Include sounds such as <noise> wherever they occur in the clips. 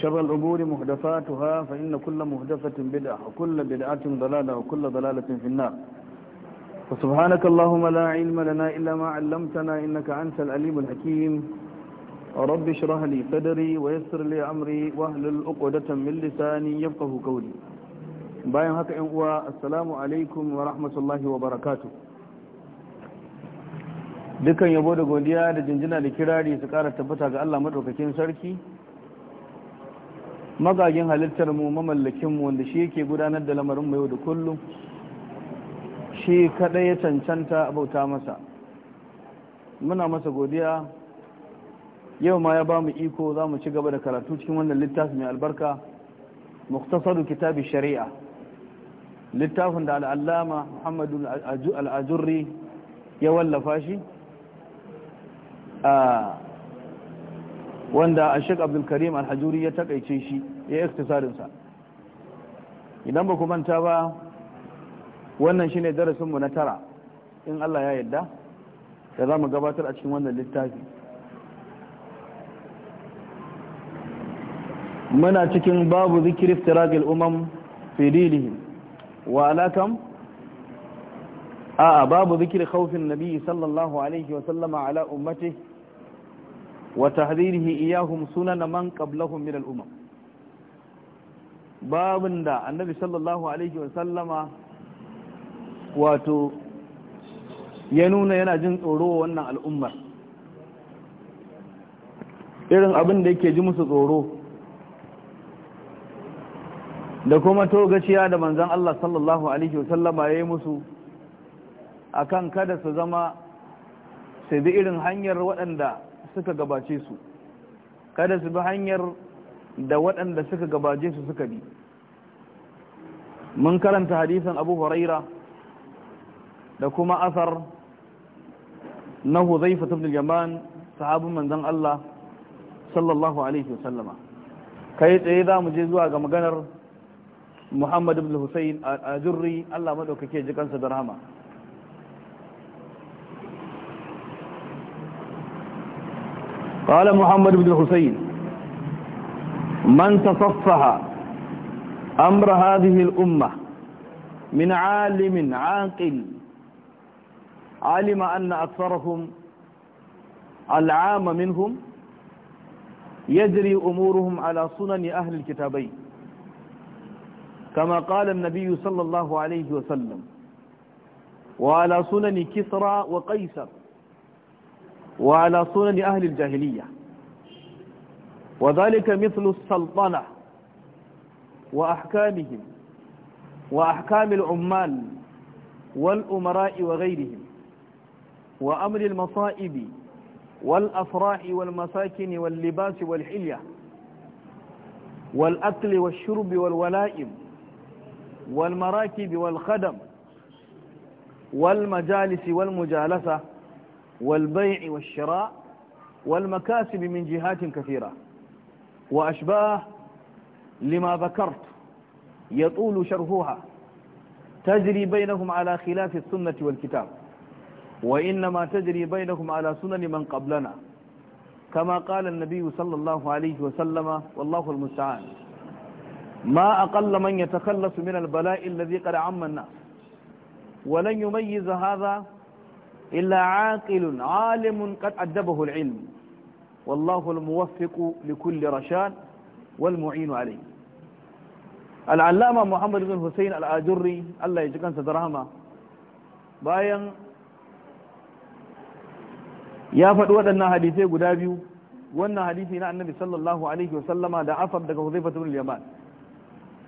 شر الأمور محدثاتها فإن كل محدثة بدعة وكل بدعة ضلالة وكل ضلالة في النار فسبحانك اللهم لا علم لنا إلا ما علمتنا إنك أنت العليم الحكيم رب اشرح لي صدري ويسر لي أمري واهلل عقدة من لساني يفقه قولي باين هكا إن السلام عليكم ورحمة الله وبركاته dukan yabo da godiya da jinjina da kirari su kara tabbata ga Allah madaukakin sarki magagin halittar mu mamallakin mu wanda shi yake gudanar da lamarin mu yau da kullum shi kada ya cancanta bauta masa muna masa godiya yau ma ya ba mu iko za mu ci gaba da karatu cikin wannan littafi mai albarka muktasaru kitabi shari'a littafin da al'allama muhammadu al'ajurri ya wallafa shi ah, wanda a shek abdulkarim alhajuri ya takaice shi ya iktisarinsa idan ba ku manta ba wannan shine darasinmu na tara in allah ya yadda da za mu gabatar a cikin wannan littafi muna cikin babu zikir iftiragil umam fidilihim wa alakam a babu zikir khaufin nabi sallallahu alaihi wa sallama ala ummatihi wa tahdhirihi iyahum sunan man qablahum min al-umam babin da annabi sallallahu alaihi wa sallama wato ya nuna yana jin tsoro wannan al'ummar irin abin da yake ji musu tsoro da kuma gaciya da manzan Allah sallallahu alaihi wasallama ya yi musu akan kada su zama su bi irin hanyar waɗanda suka gabace su kada su bi hanyar da waɗanda suka gabace su suka bi mun karanta hadisan abu huraira da kuma asar na huzaifa ibn al-yaman sahabin manzan Allah sallallahu alaihi wasallama kai tsaye za mu je zuwa ga maganar Muhammad ibn Hussein a Jurri Allah madaukake jikarsa da rahama قال محمد بن الحسين من تصفح أمر هذه الأمة من عالم عاقل علم أن أكثرهم العام منهم يجري أمورهم على سنن أهل الكتابين كما قال النبي صلى الله عليه وسلم وعلى سنن كسرى وقيصر وعلى سنن أهل الجاهلية وذلك مثل السلطنة وأحكامهم وأحكام العمال والأمراء وغيرهم وأمر المصائب والأفراح والمساكن واللباس والحلية والأكل والشرب والولائم والمراكب والخدم والمجالس والمجالسة والبيع والشراء والمكاسب من جهات كثيرة وأشباه لما ذكرت يطول شرحها تجري بينهم على خلاف السنة والكتاب وإنما تجري بينهم على سنن من قبلنا كما قال النبي صلى الله عليه وسلم والله المستعان ما أقل من يتخلص من البلاء الذي قد عم الناس ولن يميز هذا إلا عاقل عالم قد أدبه العلم والله الموفق لكل رشاد والمعين عليه العلامة محمد بن حسين الآجري الله يجكن سترهما باين يا فتوة أن حديثي قدابيو وأن حديثي عن النبي صلى الله عليه وسلم دعا فبدك حذيفة بن اليمان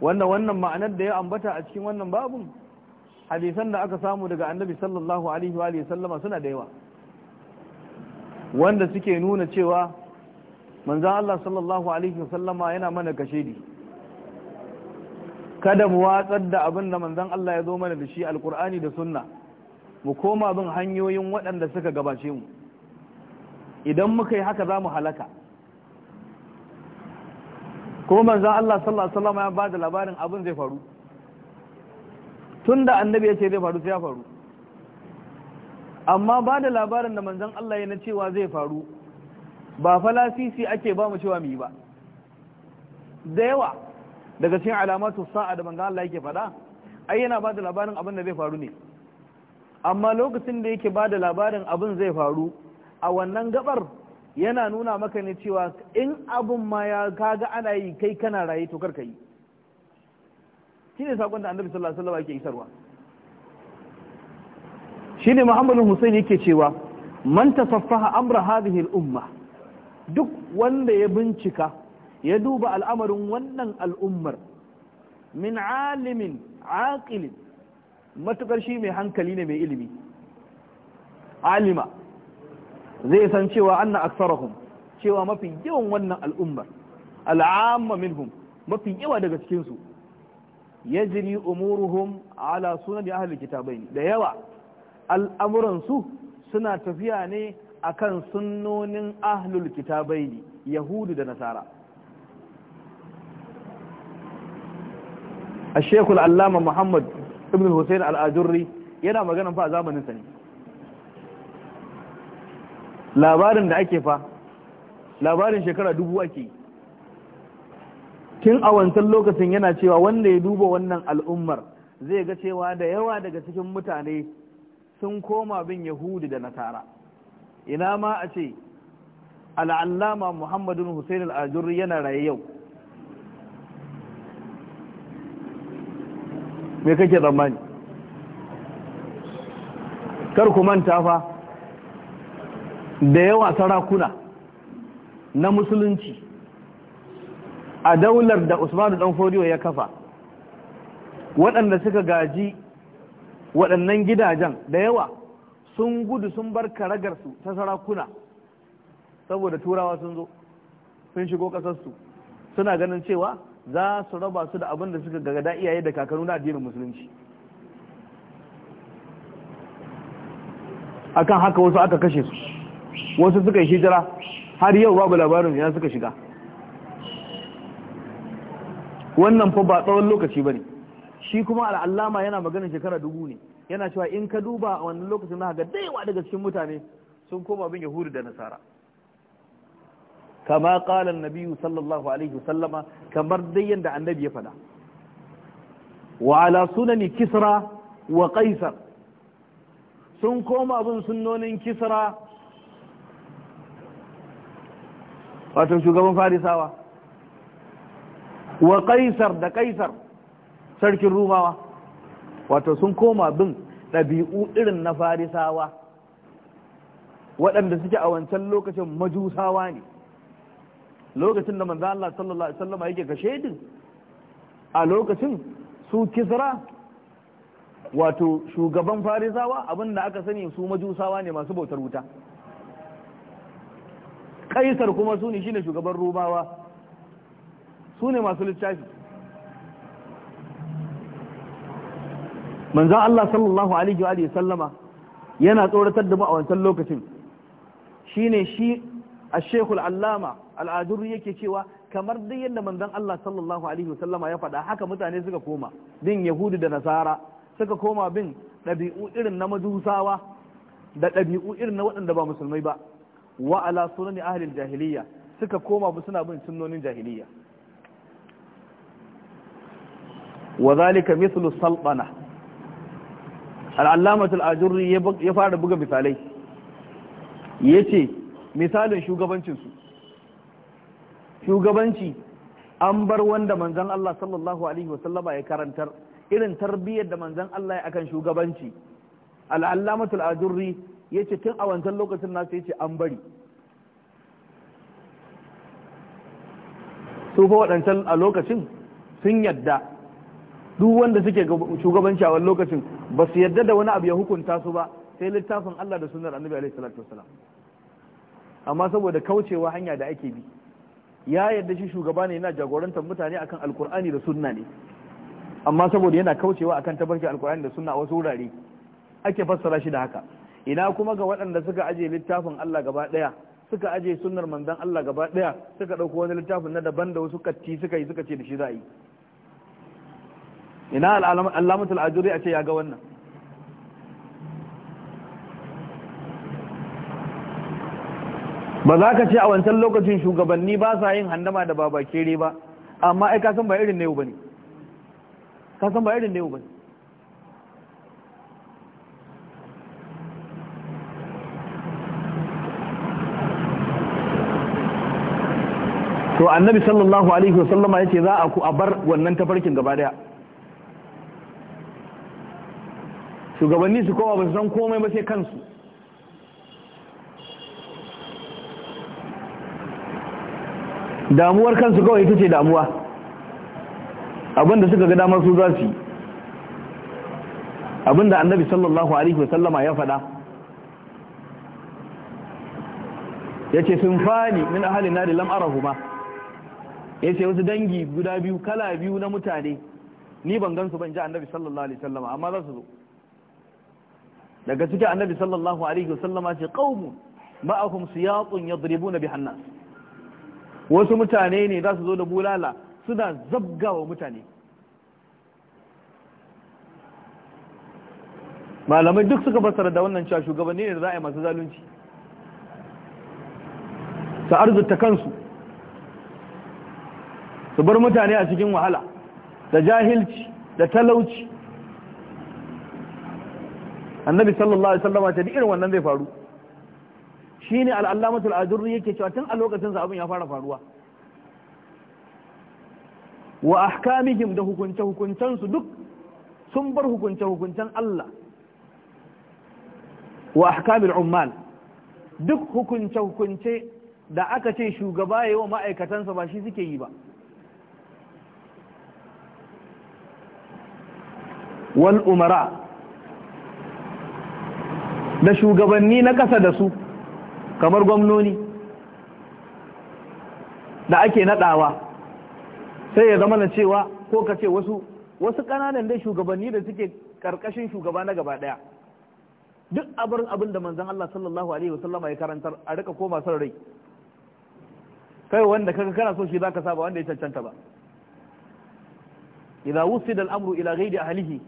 وأن وانا معنى دعا انبتا اشكي وأن بابم hadisan da aka samu daga annabi sallallahu alaihi wa sallama suna da yawa wanda suke nuna cewa manzan Allah sallallahu alaihi wa sallama yana mana kashedi kada mu watsar da abin da manzan Allah ya zo mana da shi alkur'ani da sunna mu koma bin hanyoyin waɗanda suka gabace mu idan muka yi haka za mu halaka ko manzan Allah sallallahu alaihi wa sallama ya ba da labarin abin zai faru tun da annabi ya ce zai faru sai ya faru amma ba da labarin da manzan Allah ya na cewa zai faru ba falasisi ake ba mu cewa mu yi ba da yawa daga cikin alamatu sa'a da manzan Allah yake faɗa ai yana ba da labarin abin da zai faru ne amma lokacin da yake ba da labarin abin zai faru a wannan gabar yana nuna maka ne cewa in abin ma ya kaga ana yi kai kana raye to kar ka yi ne saƙon da annabi sallallahu alaihi wasallam ke isarwa shine muhammadu Hussein yake cewa man tasaffaha amra hadhihi al-umma duk wanda ya bincika ya duba al'amarin wannan al'ummar min alimin aqilin matukar shi mai hankali ne mai ilimi alima zai san cewa anna aksarahum cewa mafi yawan wannan al'ummar al'amma minhum mafi yawa daga cikinsu yajri umuruhum ala sunan ahli kitabai da yawa al'amuransu suna tafiya ne a akan sunnonin ahlul ne yahudu da nasara Muhammad العلامة محمد ابن الحسين الأجري yana maganan fa a zamanin sa ne labarin da ake fa labarin shekara dubu ake yi. tun a wancan lokacin yana cewa wanda ya duba wannan al'ummar zai ga cewa da yawa daga cikin mutane sun koma bin yahudi da nasara ina ma a ce al'allama muhammadun hussein al'ajurri yana raye yau me kake tsammani kar ku manta fa da yawa sarakuna na musulunci a daular da usmanu dan fodiyo ya kafa waɗanda suka gaji waɗannan gidajen da yawa sun gudu sun bar karagarsu ta sarakuna saboda turawa sun zo sun shigo ƙasarsu suna ganin cewa za su raba su da abin da suka gada iyaye da kakannu na addinin musulunci akan haka wasu aka kashe su wasu suka yi hijira har yau babu labarin ya suka shiga wannan fa ba tsawon lokaci bane shi kuma al'allama yana maganin shekara dubu ne yana cewa in ka duba a wannan lokacin za ga daiwa daga cikin mutane sun koma bin yahudu da nasara kama qala annabi sallallahu alaihi wasallama kamar dai yadda annabi ya faɗa wa ala sunani kisra wa qaisar sun koma bin sunnonin kisra wato shugaban farisawa wa kaisar da kaisar sarkin rumawa wato sun koma bin ɗabi'u irin na farisawa waɗanda suke a wancan lokacin majusawa ne lokacin da manzan Allah sallallahu alaihi wasallama yake kashe din a lokacin su kisra wato shugaban farisawa abinda aka sani su majusawa ne masu bautar wuta kaisar kuma su ne shine shugaban rumawa su ne masu littafi manzan Allah sallallahu alaihi wa sallama yana tsoratar da mu a wancan lokacin shine shi a shekul allama al'adurri yake cewa kamar dai yadda manzan Allah sallallahu alaihi wa sallama ya faɗa haka mutane suka koma bin yahudu da nasara suka koma bin ɗabi'u irin na majusawa da ɗabi'u irin na waɗanda ba musulmai ba wa ala sunani ahlil jahiliya suka koma suna bin sunnonin jahiliya wa zalika mithlu saltana al-allamah ya fara buga misalai yace misalin shugabanci an bar wanda manzon Allah sallallahu alaihi wasallama ya karantar irin tarbiyyar da manzon Allah ya akan shugabanci al-allamah al-ajurri yace tun a an bari su fa waɗancan a lokacin sun yadda duk wanda suke shugabanci a wani lokacin ba su yarda da wani abu ya hukunta su ba sai littafin Allah da sunar annabi alaihi salatu wasalam amma saboda kaucewa hanya da ake bi ya yarda shi shugaba ne yana jagorantar mutane akan alkur'ani da sunna ne amma saboda yana kaucewa akan tabarki alkur'ani da sunna a wasu wurare ake fassara shi da haka ina kuma ga waɗanda suka aje littafin Allah gaba ɗaya suka aje sunnar manzon Allah gaba ɗaya suka ɗauko wani littafin na daban da wasu katti suka yi suka ce da shi za yi ina al'amatul al’ajuri a ce ya ga wannan ba za ka ce a wancan lokacin shugabanni ba sa yin handama da babakere ba amma ai ka san ba irin newu ba ne ka san ba irin newu ba ne to annabi sallallahu alaihi wasallama yace za a ku a bar wannan tafarkin gaba daya shugabanni su kowa ba su san komai ba sai kansu damuwar kansu kawai ita ce damuwa abinda suka ga damar su za su yi abinda annabi sallallahu alaihi wasallama ya fada ya ce sun fani min ahalin nari lam'arahu huma ya ce wasu dangi guda biyu kala biyu na mutane ni ban gansu ban ji annabi sallallahu alaihi wasallama amma za su zo daga cikin annabi sallallahu alaihi wasallama ce qaumun ma'ahum siyatun yadribuna bihan nas wasu mutane ne za su zo da bulala suna zabgawa mutane malamai duk suka fassara da wannan cewa shugabanni ne da za a yi masu zalunci su arzuta kansu su bar mutane a cikin wahala da jahilci da talauci annabi sallallahu alaihi wasallam ta irin wannan zai faru shine al-allamatul ajurri yake cewa tun a lokacin sa abin ya fara faruwa wa ahkamihim da hukunce hukuncen su duk sun bar hukunce hukuncen Allah wa ahkamil ummal duk hukunce hukunce da aka ce shugaba yayi wa ma'aikatansa ba shi suke yi ba wal umara da shugabanni na ƙasa da su kamar gwamnoni da ake naɗawa sai ya zama na cewa ko ka ce wasu wasu ƙananan dai shugabanni da suke ƙarƙashin shugaba na gaba ɗaya duk abin abin da manzon Allah sallallahu alaihi wasallam ya karantar a rika koma son rai kai wanda kaga kana so shi zaka saba wanda ya cancanta ba idza wusida al-amru ila ghairi ahlihi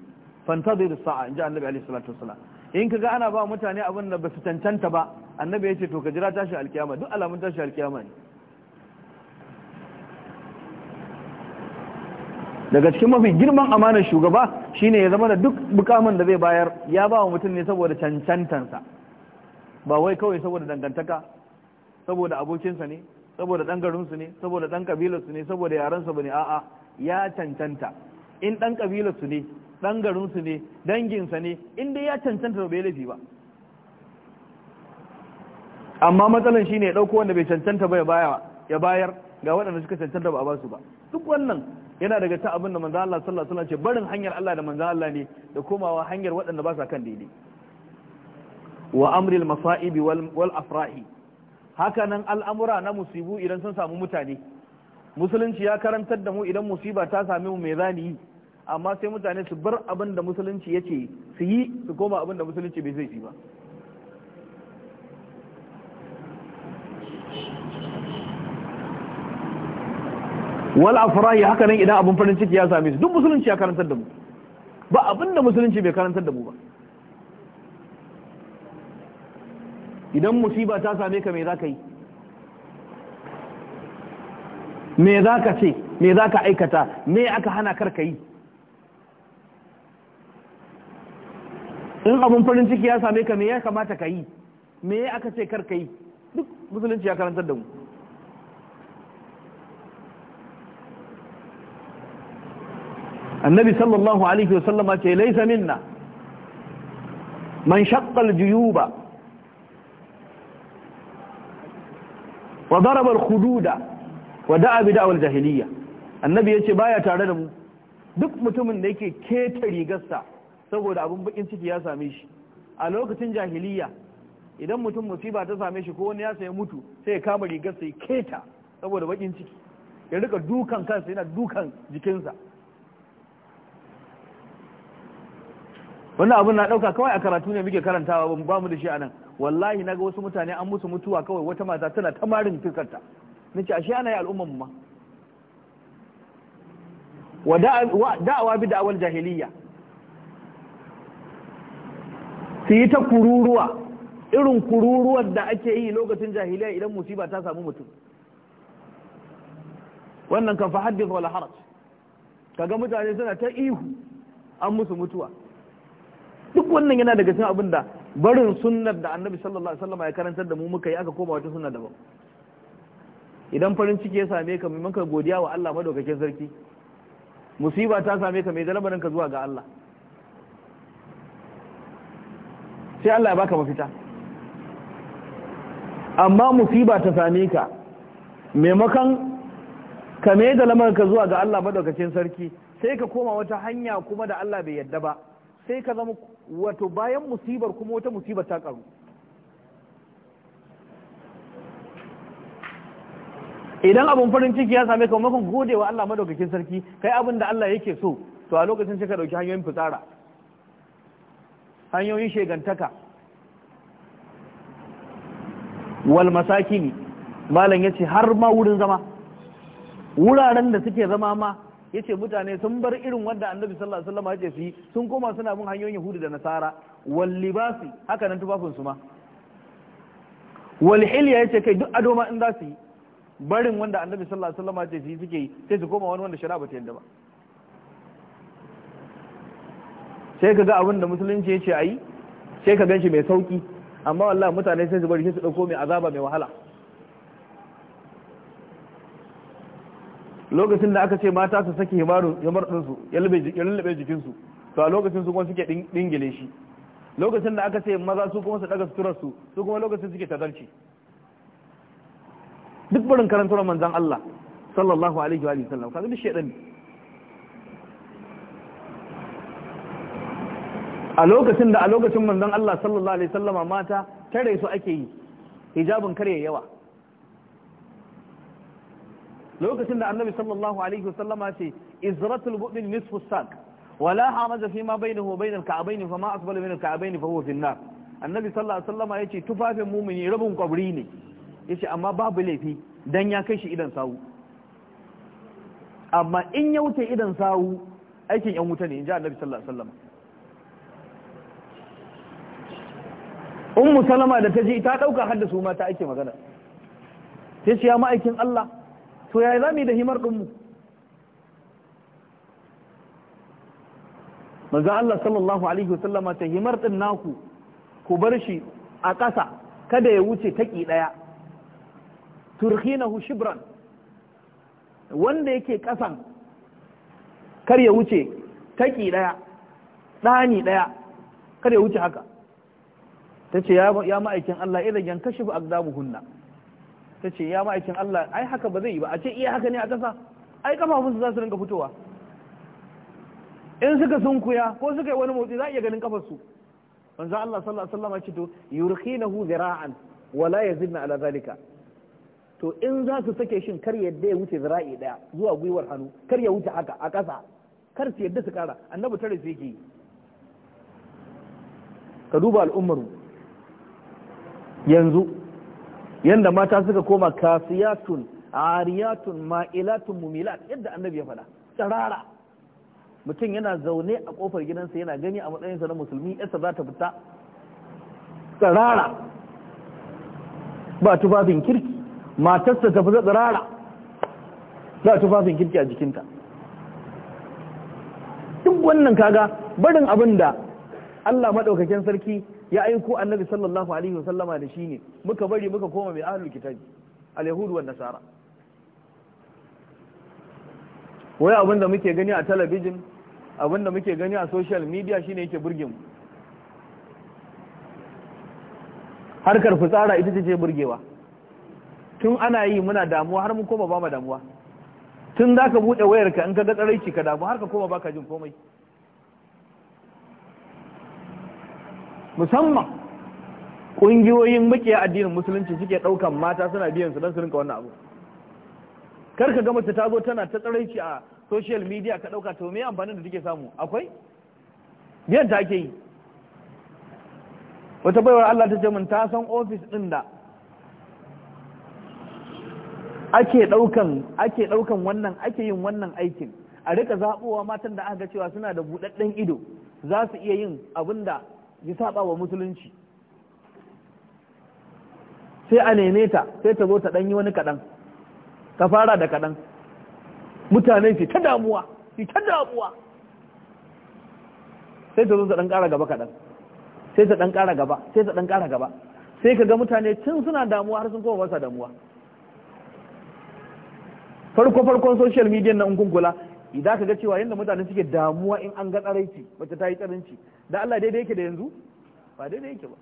fantazir as-sa'a inja annabi alaihi salatu wassalam in kaga ana ba mutane abin da ba su cancanta ba annabi ya ce to ka jira tashi alkiyama duk alamun tashi alkiyama ne daga cikin mafi girman amanar shugaba shine ya zama da duk bukaman da zai bayar ya ba wa mutum ne saboda cancantansa ba wai kawai saboda dangantaka saboda abokinsa ne saboda ɗan garinsu ne saboda ɗan ƙabilarsu ne saboda yarensa ba ne a'a ya cancanta in ɗan ƙabilarsu ne ɗan garinsu ne danginsa ne inda ya cancanta bai laifi ba amma matsalan shine ya ɗauko wanda bai cancanta ba ya bayar ga waɗanda suka cancanta ba a basu ba duk wannan yana daga ta abin da manzo Allah sallallahu alaihi ce barin hanyar Allah da manzo Allah ne da komawa hanyar waɗanda ba sa kan daidai wa amril masaibi wal afrahi haka nan al'amura na musibu idan sun samu mutane musulunci ya karantar da mu idan musiba ta same mu me zani yi amma sai mutane su bar abin da musulunci ya ce su yi su koma abin da musulunci bai zai yi ba wal afrahi haka nan idan abin farin ciki ya same su duk musulunci ya karantar da mu ba abin da musulunci bai karantar da mu ba idan musiba ta same ka me za ka yi me za ka ce me za ka aikata me aka hana karka yi in abin farin ciki ya same ka me ya kamata ka yi me ya aka ce kar ka yi duk musulunci ya karantar da mu annabi sallallahu alaihi wa sallama ce laisa minna man shaqqal juyuba wa daraba al wa da'a bi da'wal jahiliyya annabi yace baya tare da mu duk mutumin da yake keta rigarsa saboda abin bakin ciki ya same shi a lokacin jahiliya idan mutum musiba ta same shi ko wani ya sayi mutu sai ya kama rigar sai keta saboda bakin ciki ya rika dukan kansa yana dukan jikinsa wannan abin na dauka kawai a karatu ne muke karantawa ba mu da shi anan wallahi naga wasu mutane an musu mutuwa kawai wata mata tana ta marin fuskarta nace ashe ana yi al'umman mu ma wa da'awa bi da'awal jahiliya su yi ta kururuwa irin kururuwar da ake yi lokacin jahiliya idan musiba ta samu mutum wannan kan fa haddith wala haraj kaga mutane suna ta ihu an musu mutuwa duk wannan yana daga cikin abin da barin sunnar da annabi sallallahu alaihi wasallam ya karantar da mu muka yi aka koma wata sunna daban idan farin ciki ya same ka maimakon godiya wa Allah madaukakin sarki musiba ta same ka mai zalabarin ka zuwa ga Allah sai Allah ya baka mafita amma musiba ta same ka maimakon ka mai da lamarka zuwa ga Allah madaukakin sarki sai ka koma wata hanya kuma da Allah bai yadda ba sai ka zama wato bayan musibar kuma wata musibar ta karu idan abun farin ciki ya same ka maimakon gode Allah madaukakin sarki kai abin da Allah yake so to a lokacin sai ka dauki hanyoyin fitsara hanyoyin shegantaka wal masakini malam yace har ma wurin zama wuraren da suke zama ma yace mutane sun bar irin wanda annabi sallallahu alaihi wasallam yace su yi sun koma suna bin hanyoyin yahudu da nasara wal libasi haka nan tufafin su ma wal hilya yace kai duk ado ma in za su yi barin wanda annabi sallallahu alaihi wasallam yace su yi suke yi sai su koma wani wanda shari'a ba ta yadda ba sai ka ga abin da musulunci ya ce a yi sai ka ganshi mai sauki amma wallahi mutane sai su bari su ɗauko mai azaba mai wahala lokacin da aka ce mata su saki himarun himar ɗinsu ya lullube jikinsu to a lokacin su kuma suke dingile shi lokacin da aka ce maza su kuma su ɗaga suturar su su kuma lokacin suke tazarci duk barin karantar manzan Allah sallallahu alaihi wa sallam kaga duk shedan ne a lokacin da a lokacin manzon Allah sallallahu alaihi wasallama mata tare su ake yi hijabin kare yawa lokacin da annabi sallallahu alaihi wasallama ce izratul mu'min nisfu sak wala hamaza fi ma bainahu wa bainal ka'bayn fa ma asbala min al ka'bayn fa huwa fi an-nar annabi sallallahu alaihi wasallama yace tufafin mu'mini rabin kwabri ne yace amma babu laifi dan ya kai shi idan sawu amma in ya wuce idan sawu aikin yan wuta ne in ji annabi sallallahu alaihi wasallama ummu salama da ta ji ta ɗauka har su mata ake magana sai shi ya ma'aikin Allah to yaya za mu da himar ɗinmu Maza Allah sallallahu alaihi wasallama ta himar ɗin naku ku bar shi a ƙasa kada ya wuce taƙi ɗaya turhinahu shibran wanda yake ƙasan kar ya wuce taƙi ɗaya ɗani ɗaya kar ya wuce haka ta ce ya ma'aikin Allah idan yan kashi ba agdamu hunna ta ce ya ma'aikin Allah ai haka ba zai yi ba a ce iya haka ne a ƙasa ai kafafunsu za su rinka fitowa in suka sunkuya ko suka yi wani motsi za a iya ganin kafarsu manzo Allah sallallahu alaihi wasallam ya ce to yurkhinahu zira'an wala yazidna ala zalika to in za su sake shin kar yadda ya wuce zira'i daya zuwa gwiwar hannu kar ya wuce haka a ƙasa kar su yadda su kara annabi tare su yake ka duba al'ummarmu yanzu yanda mata suka koma kasiyatun ariyatun ma'ilatun mumilat yadda annabi ya faɗa Tsarara, mutum yana zaune a kofar gidansa yana gani a matsayinsa na musulmi yasa za ta fita tsarara, ba tufafin kirki matarsa ta fi tsarara, ba tufafin kirki a jikinta duk wannan kaga barin abin da Allah maɗaukakin sarki ya aiko annabi sallallahu alaihi wasallama da shi ne muka bari muka koma mai ahlul kitabi al wa wan nasara wai abin da muke gani a talabijin abin da muke gani a social media shine yake burge mu harkar fitsara ita ce burgewa tun ana yi muna damuwa har mun koma ba mu damuwa tun zaka bude wayarka in ka ga tsaraici ka damu har ka koma baka jin komai musamman ƙungiyoyin makiya addinin musulunci suke ɗaukan mata suna biyan su don su rinka wannan abu kar ka ga mace ta zo tana ta tsaraici a social media ka ɗauka to me amfanin da take samu akwai biyan ta ake yi wata baiwar Allah ta ce mun ta san ofis ɗin da ake ɗaukan ake ɗaukan wannan ake yin wannan aikin a rika zaɓowa matan da aka ga cewa suna da buɗaɗɗen ido za su iya yin abin da ya saba wa musulunci sai a neme ta sai ta zo ta ɗanyi wani kaɗan ta fara da kaɗan mutane fi ta damuwa fi ta damuwa sai ta zo ta ɗan ƙara gaba kaɗan sai ta ɗan ƙara gaba sai ta ɗan ƙara gaba sai ka ga mutane tun suna damuwa har sun kowa wasa damuwa farko farkon social media na kun kula idan ka ga cewa yadda mutane suke damuwa in an ga tsaraici wacce ta yi tsaranci da Allah daidai yake da yanzu ba daidai yake ba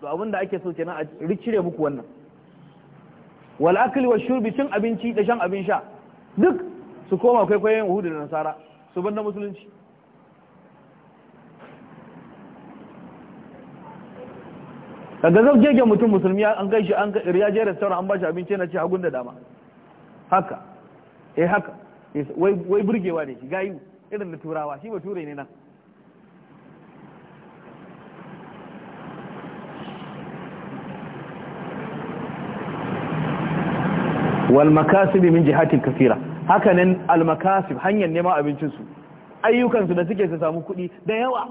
to abin da ake so kenan a ricire muku wannan wal akli wa shurbi cin abinci da shan abin sha duk su koma kwaikwayon yahudu da nasara su bar na musulunci kaga zan gege mutum musulmi an kai shi an ya je restaurant an ba shi abinci yana ci hagun da dama haka eh haka wai burgewa ne shi gayu irin da turawa shi ba turai ne nan wal min jihatin kasira hakanan al makasib hanyar neman abincin su ayyukan da suke su samu kuɗi da yawa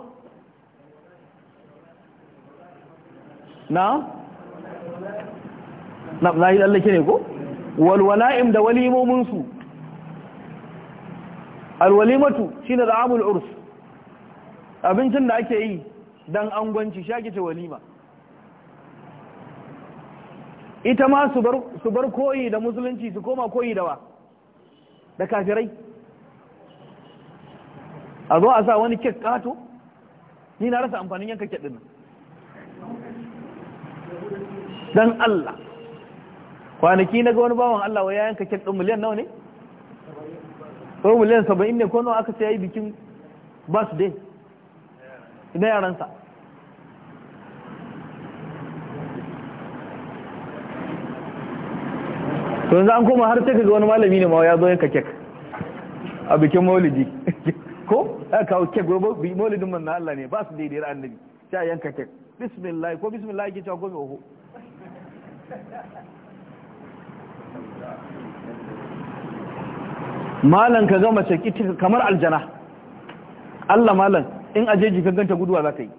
na na lahi lallake ne ko wal da walimomin alwalimatu shine da'amul urs abincin da ake yi dan angwanci shaki ce walima ita ma su bar koyi da musulunci su koma koyi da wa da kafirai a zo a sa wani kek kato ni na rasa amfanin yanka kek din dan Allah kwanaki na ga wani bawan Allah wa ya yanka kek din miliyan nawa ne sau miliyan saba'in ne ko aka ce ya yi bikin basu dai ina yaransa to yanzu an koma har teka ga wani malami ne ma ya zo yanka kek a bikin maulidi <laughs> ko ya kawo kek gobe maulidin manna Allah ne ba su daidai annabi sai yanka kek bismillah ko bismillah ke cewa gobe oho malan ka ga mace kamar aljana Allah malan in aje ka ganta guduwa za ka yi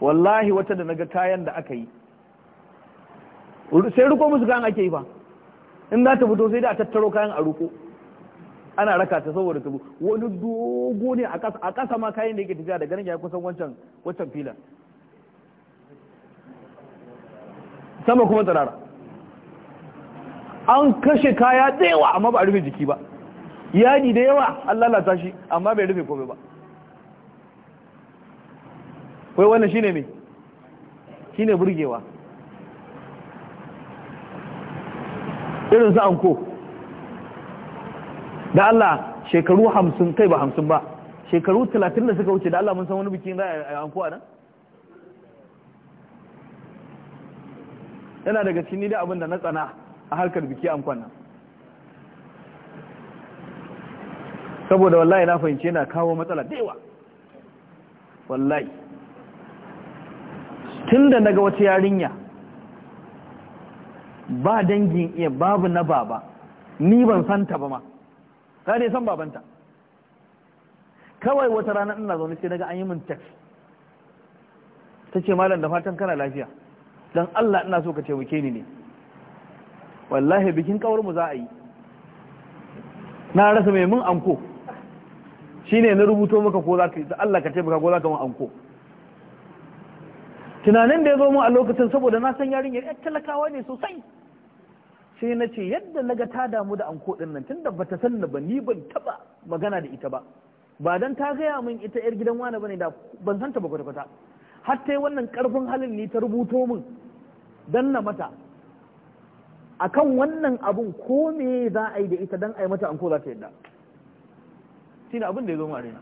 wallahi wata da naga kayan da aka yi sai ruko musu kayan ake yi ba in za ta fito sai da a tattaro kayan a ruko ana raka ta saboda tabu wani dogo ne a kasa ma kayan da yake tafiya da ganin ya kusan wancan wancan filan sama kuma tsirara an kashe kaya da yawa amma ba a rufe jiki ba yadi da yawa an lalata shi amma bai rufe komai ba wai wannan shine me shine burgewa irin su anko da Allah shekaru hamsin kai ba hamsin ba shekaru talatin da suka wuce da Allah mun san wani bikin za a anko a nan yana daga cikin da abin da na tsana a harkar biki an kwana saboda wallahi na fahimci yana kawo matsala da yawa wallahi tun da naga wata yarinya ba dangin iya babu na baba ni ban santa ba ma ta ne san babanta kawai wata rana ina zaune sai naga an yi min text ta ce malam da fatan kana lafiya don Allah ina so ka taimake ni ne wallahi bikin kawarmu za a yi na rasa mai mun anko shi ne na rubuto maka ko za ka yi Allah ka taimaka ko za ka mun anko tunanin da ya zo mun a lokacin saboda na san yarin yar talakawa ne sosai sai na ce yadda na ga ta damu da anko din nan tunda bata san ba ni ban taba magana da ita ba ba dan ta gaya min ita yar gidan wani bane da ban santa ba kwata kwata har ta yi wannan karfin halin ni ta rubuto min don na mata akan wannan abun ko me za a yi da ita dan a yi mata anko za ta yadda shine abin da ya zo mu arena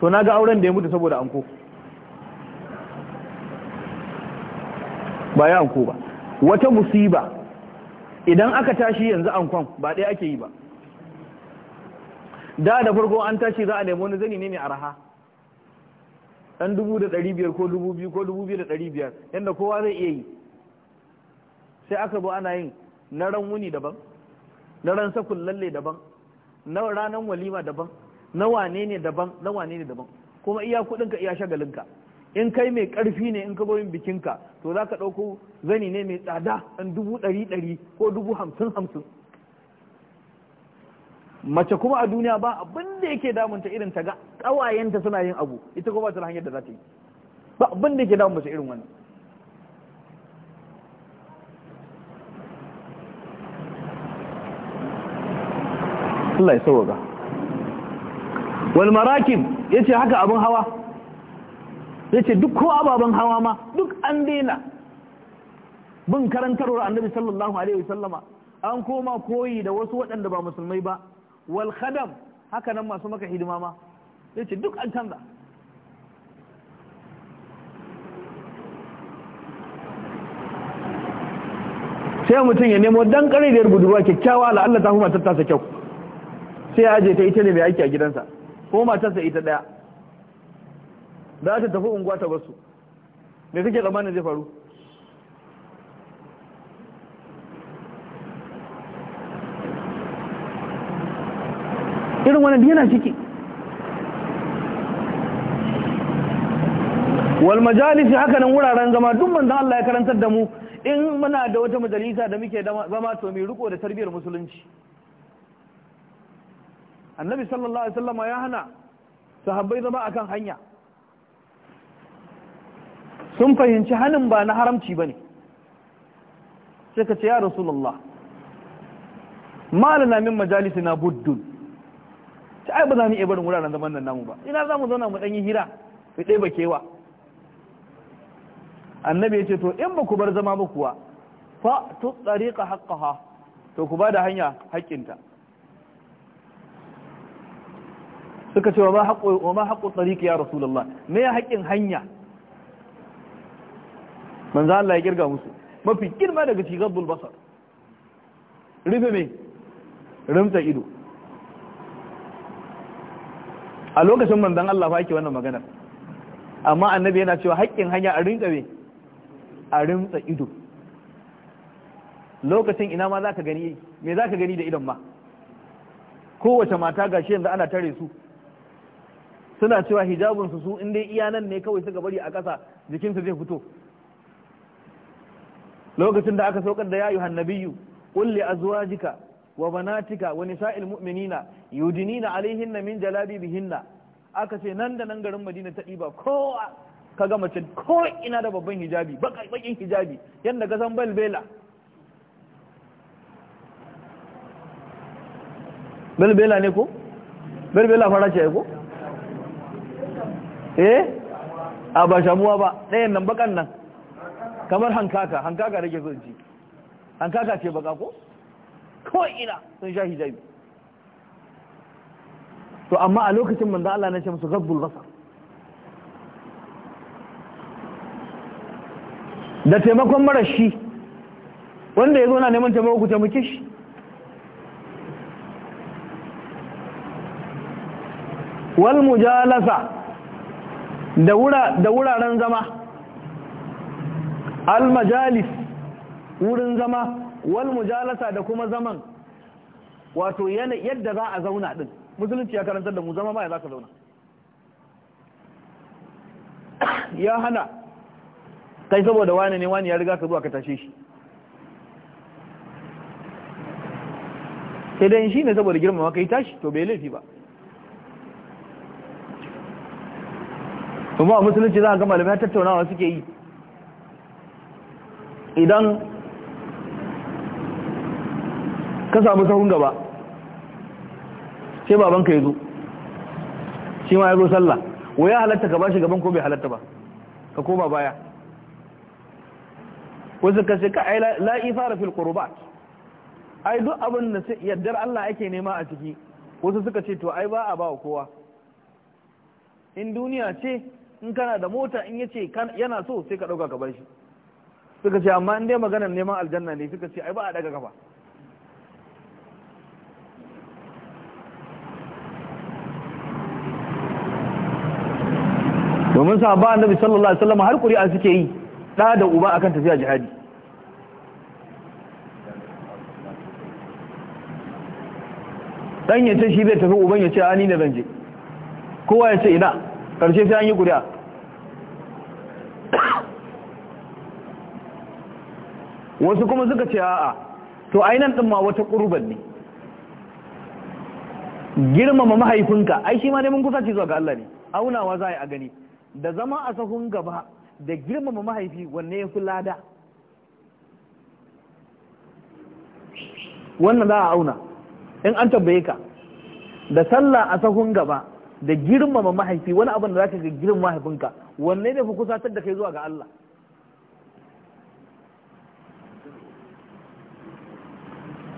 to na ga auren da ya mutu saboda anko ba ya anko ba wata musiba idan aka tashi yanzu ankon ba ɗaya ake yi ba da da farko an tashi za a nemi wani zani ne mai araha ɗan dubu da ɗari biyar ko dubu biyu ko dubu biyu da ɗari biyar yadda kowa zai iya yi sai aka zo ana yin na ran wuni daban na ran sakun lalle daban na ranar walima daban na wane ne daban na wane ne daban kuma iya kuɗinka iya shagalinka in kai mai ƙarfi ne in ka zo yin bikinka to za ka ɗauko zani ne mai tsada ɗan dubu ɗari ɗari ko dubu hamsin hamsin mace kuma a duniya ba abin da yake damunta irin ta ga kawayenta suna yin abu ita kuma ta hanyar da za ta yi ba abin da yake damun mace irin wannan Allah ya ga wal marakib yace haka abin hawa yace duk ko ababen hawa ma duk an daina bin karantarwar annabi sallallahu alaihi wasallama an koma koyi da wasu waɗanda ba musulmai ba wal khadam haka nan masu maka hidima ma yace duk an canza sai mutum ya nemo dan kareriyar kikkiawa kyakkyawa Allah ta kuma tattasa kyau sai ya aje ta ita ne mai aiki a gidansa ko matarsa ita daya za ta tafi unguwa ta basu me kake tsammanin zai faru irin wannan yana ciki wal majalisi haka nan wuraren zama duk manzon Allah ya karantar da mu in muna da wata majalisa da muke zama to mai riko da tarbiyar musulunci annabi sallallahu alaihi wasallam ya hana sahabbai zama akan hanya sun fahimci hanin ba na haramci bane sai ka ce ya rasulullah malana min na buddun ta ai ba za mu iya barin wuraren zaman nan namu ba ina za mu zauna mu ɗan yi hira mu ba kewa annabi ya ce to in ba ku bar zama ba kuwa fa tu tsariƙa haƙƙaha to ku ba da hanya haƙƙinta suka ce wa ma haƙƙo wa tsariƙi ya rasulallah me ya haƙƙin hanya za Allah ya kirga musu mafi girma daga cikin basar rufe me rumta ido a lokacin manzon Allah fa yake wannan magana amma annabi yana cewa haƙƙin hanya a rinƙa me a rinƙa ido lokacin ina ma zaka gani me zaka gani da idan ma kowace mata gashi yanzu ana tare su suna cewa hijabun su su in iya nan ne kawai suka bari a ƙasa jikinsu zai fito lokacin da aka saukar da yayu hannabiyu a zuwa jika. wa banatika wa nisa'il mu'minina yudinina alaihinna min jalabibihinna aka ce nan da nan garin Madina ta ɗiba kowa kaga mace ko ina da babban hijabi bakin hijabi yadda ka san balbela balbela ne ko balbela fara ce ko eh a ba shamuwa ba ɗayan nan bakan nan kamar hankaka hankaka rage zoji hankaka ce baka ko koina ina sun sha hijabi to amma a lokacin manzo Allah na ce musu ghabbul basa da taimakon marashi wanda ya zo na neman taimako ku taimake shi wal mujalasa da wuraren zama al majalis wurin zama wal mujalasa da kuma zaman wato yadda za a zauna din musulunci ya karantar da mu zama baya za ka zauna ya hana kai saboda wani ne wani ya riga ka zuwa ka tashe shi sai dai shi ne saboda girmama kai tashi to bai laifi ba kuma musulunci za a ga malamai tattaunawa suke yi idan ka samu sahun gaba sai babanka ya zo shi ma ya zo sallah wa ya halatta ka bashi gaban ko bai halatta ba ka koma baya wasu ka sai ka ai la'i fara fil qurbat ai duk abin da yaddar Allah ake nema a ciki wasu suka ce to ai ba a ba wa kowa in duniya ce in kana da mota in yace yana so sai ka dauka ka bar shi suka ce amma in dai maganar neman aljanna ne suka ce ai ba a daga kafa domin ba annabi sallallahu alaihi wasallam har ƙuri'a suke yi ɗa da uba akan tafiya jihadi dan ya ce shi zai tafi uban ya ce ani da zanje kowa ya ce ina karshe sai an yi ƙuri'a wasu kuma suka ce a'a to ainihin ɗin ma wata ƙurban ne girmama mahaifinka ai shi ma neman mun kusa ci zuwa ga Allah ne aunawa za a gani da zama a sahun gaba da girmama mahaifi wanne ya fi lada wannan za a auna in an tambaye ka da sallah a sahun gaba da girmama mahaifi wani abin da za ga girma mahaifinka wanne ne fi kusatar da kai zuwa ga Allah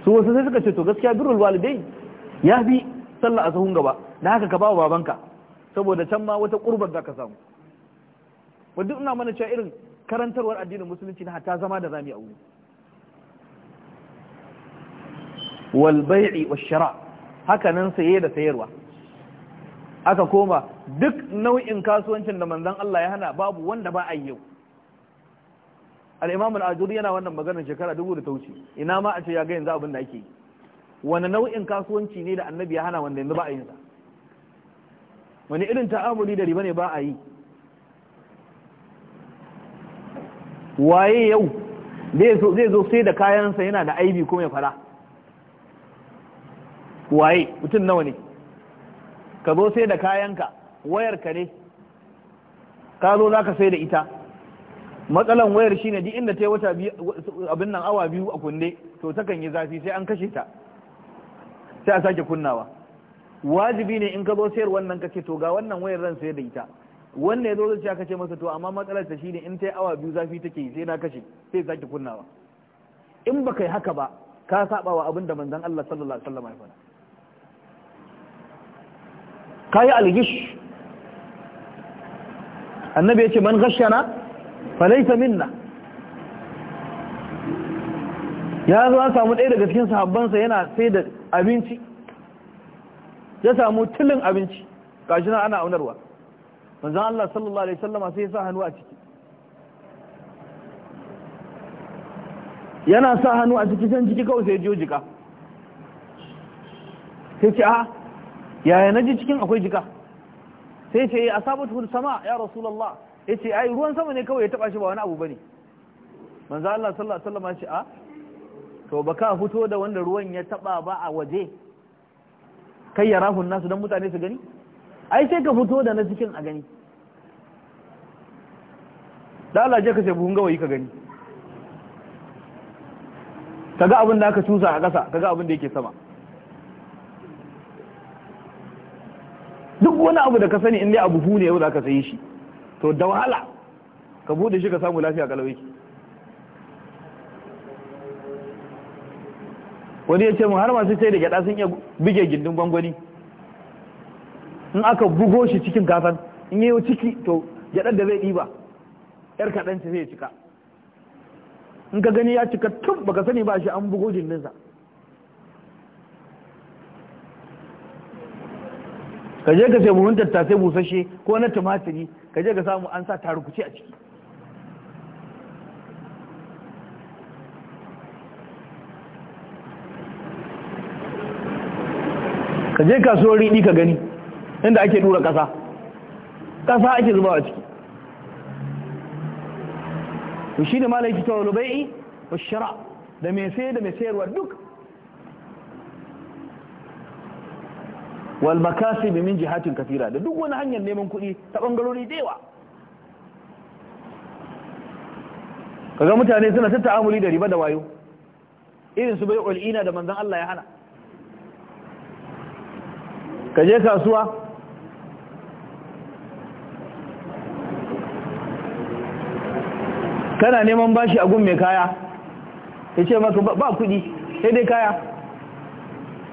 su wasu sai suka ce to gaskiya birrul walidai ya fi sallah a sahun gaba da haka ka ba wa babanka saboda can ma wata kurbar za ka samu wadda ina mana cewa irin karantarwar addinin musulunci na hatta zama da zami a wuri wal bai'i wa shara haka nan saye da sayarwa aka koma duk nau'in kasuwancin da manzon Allah ya hana babu wanda ba a yi yau al-imam al-ajuri yana wannan maganar shekara dubu da ta wuce ina ma a ce ya ga yanzu abin da ake yi wani nau'in kasuwanci ne da annabi ya hana wanda yanzu ba a yin sa wani irin ta'amuli da riba ne ba a yi waye yau zai zo sai da kayansa yana da aibi kuma ya fara waye mutum nawa ne ka zo sai da kayanka ka ne ka zo za ka sai da ita matsalan wayar shine ne inda ta yi wata abin nan awa biyu a kunde to takan yi zafi sai an kashe ta sai a sake kunnawa wajibi ne in ka zo sayar wannan kace to ga wannan wayar ran sai da ita wannan yazo zai ce aka ce masa to amma matsalar ta shine in tai awa biyu zafi take sai na kashe sai zaki kunnawa in baka yi haka ba ka saba wa abin da manzon Allah sallallahu alaihi wasallam ya faɗa kai algish annabi ya ce man ghashana falaysa minna ya zo an samu ɗaya daga cikin sahabbansa yana sai da abinci ya samu tilin abinci gashi nan ana aunarwa manzon Allah sallallahu alaihi wasallam sai ya sa hannu a ciki yana sa hannu a ciki san ciki kawai sai ya jika sai ce a ah, yaya na ji cikin akwai jika sai ce eh, a sabatu sama ya rasulullah ya ce ai ruwan sama ne kawai ya taba shi ba wani abu bane manzo Allah sallallahu alaihi wasallam ce a ah, to baka fito da wanda ruwan ya taba ba a waje kai ya rahun nasu don mutane su gani ai sai ka fito da na cikin a gani da Allah je ka sai buhun gawayi ka gani kaga abin da aka cusa a ƙasa kaga abin da yake sama duk wani abu da ka sani in dai abu ne yau da ka sayi shi to da wahala ka bude shi ka samu lafiya kalawai wani ya ce mu har masu sai da gyada sun iya buge gindin gwangwani in aka bugo shi cikin kafan in yi ciki to gyadar da zai ɗiba yar kaɗan ce zai cika in ka gani ya cika tun baka sani ba shi an bugo gindinsa ka je ka sai buhun tattasai busasshe ko na tumatiri ka je ka samu an sa tarukuci a ciki ka je kasuwar riɗi ka gani inda ake dura ƙasa ƙasa ake zuba a ciki to shi ne malaki ta walubai wa shara da mai sai da mai sayarwa duk wal makasi min jihatin kafira da duk wani hanyar neman kuɗi ta ɓangarori da yawa kaga mutane suna ta ta'amuli da riba da wayo irin su bai ul'ina da manzon Allah ya hana ka je kasuwa kana neman bashi a gun mai kaya ya ce maka ba kudi sai dai kaya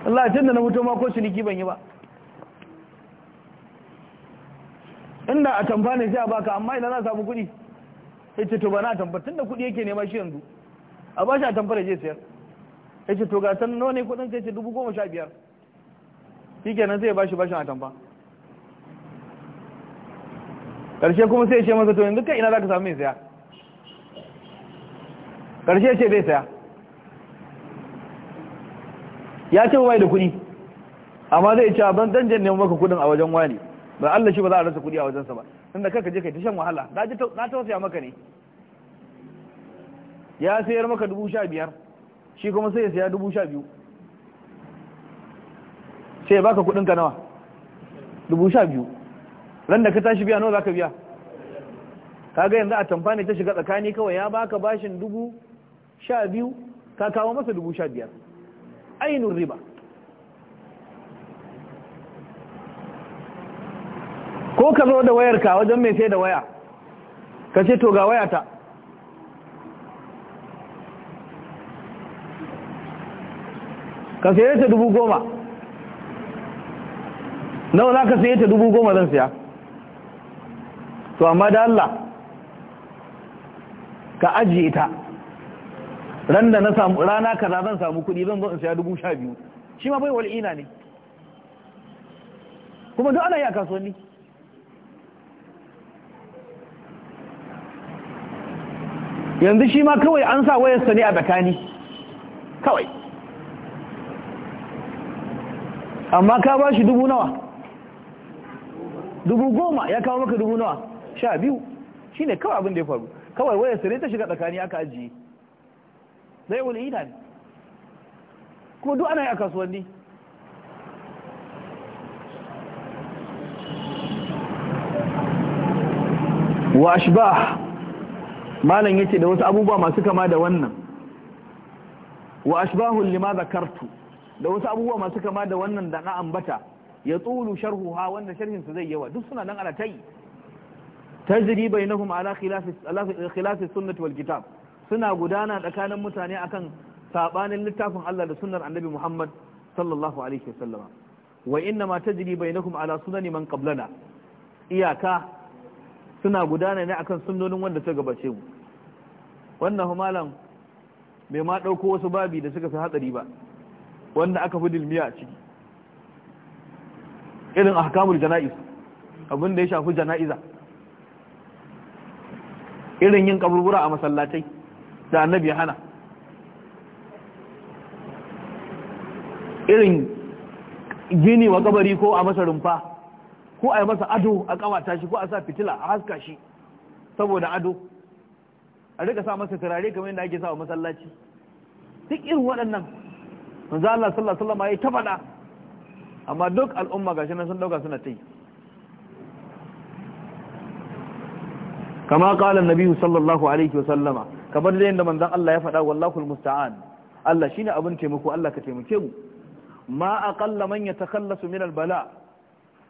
Allah tun da na mutu ma ko ciniki ban yi ba inda a tamfa ne sai a baka amma ina na samu kudi ya ce to ba na tamfa tun da kudi yake nema shi yanzu a bashi a tamfa da je sayar ya ce to ga nawa ne kudin kai ce dubu goma sha biyar shi kenan sai ya bashi bashin atamfa karshe kuma sai ya ce masa to yanzu kai ina za ka samu mai saya karshe ce bai saya ya ce wai da kuɗi amma zai ce ban dan ne maka kuɗin a wajen wani ba Allah shi ba za a rasa kuɗi a wajensa ba inda kanka je kai ta shan wahala na tausaya maka ne ya sayar maka dubu sha biyar shi kuma sai ya saya dubu sha biyu sai baka kudin ka nawa dubu sha biyu ran da ka tashi biya nawa za ka biya kaga yanzu a tamfani ta shiga tsakani kawai ya baka bashin dubu sha biyu ka kawo masa dubu sha biyar ainihin riba ko ka zo da wayar ka wajen mai sai da waya ka ce to ga ta ka saye ta dubu goma nawa za ka saye ta dubu goma zan siya to amma da Allah ka ajiye ta ran da na samu rana kaza zan samu kuɗi zan zo in siya dubu sha biyu shi ma bai wal'ina ne kuma duk ana yi a kasuwanni yanzu shi ma kawai an sa wayarsa ne a tsakani kawai amma ka ba shi dubu nawa dubu goma ya kawo maka dubu nawa sha biyu shi ne kawai abin da ya faru kawai waya sare ta shiga tsakani aka ajiye zai wani ina ne kuma duk ana yi a kasuwanni wa ba malam yace da wasu abubuwa masu kama da wannan wa ashbahu lima zakartu da wasu abubuwa masu kama da wannan da na ambata ya tsulu sharhuha wanda sharhin zai yawa duk suna nan ana ta yi tajri bainahum ala khilaf sunnati wal kitab suna gudana tsakanin mutane akan sabanin littafin Allah da sunnar Annabi Muhammad sallallahu alaihi wasallam wa inna ma tajri bainakum ala sunani man qablana iyaka suna gudana ne akan sunnonin wanda suka gabace mu wannan malam bai ma dauko wasu babi da suka fi hatsari ba wanda aka fi dilmiya a ciki irin ahkamul jana'iz abin da ya shafi jana'iza irin yin kaburbura a masallatai da annabi ya hana irin gini wa kabari ko a masa rumfa ko a yi masa ado a kamata shi ko a sa fitila a haska shi saboda ado a rika sa masa turare kamar yadda ake sa wa masallaci duk irin waɗannan manzo Allah sallallahu alaihi ya ta amma duk al'umma shi nan sun dauka suna tai kama kala Nabiyu sallallahu alaihi wa sallama kamar da yadda manzan Allah ya faɗa wallahu almusta'an Allah shine abin taimako Allah ka taimake mu ma aqalla man yatakhallasu min albala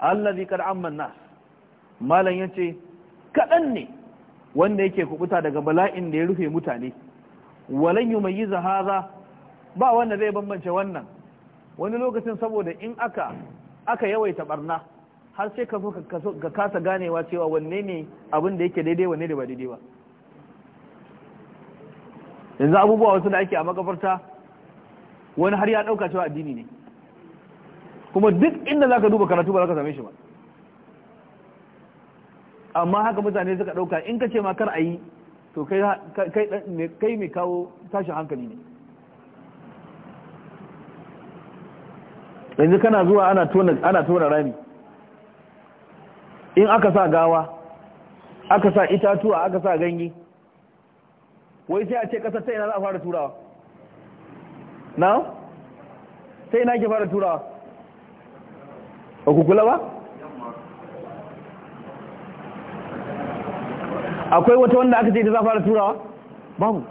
alladhi qad amma an-nas malan yace kadan ne wanda yake kubuta daga bala'in da ya rufe mutane walan yumayyiza hadha ba wanda zai bambance wannan wani lokacin saboda in aka aka yawaita barna har sai ka zo ka kasa ganewa cewa wanne ne abin da yake daidai wanne da ba daidai ba yanzu abubuwa wasu da ake a makafarta wani har ya dauka cewa addini ne kuma duk inda zaka duba karatu ba zaka same shi ba amma haka mutane suka dauka in ka ce ma kar a yi to kai mai kawo tashin hankali ne yanzu kana zuwa ana tona rami in aka sa gawa aka sa itatuwa aka sa ganye wai sai a ce kasar sai na za a fara turawa na sai na ke fara turawa ba ku kula ba akwai wata wanda aka ce ta za fara turawa babu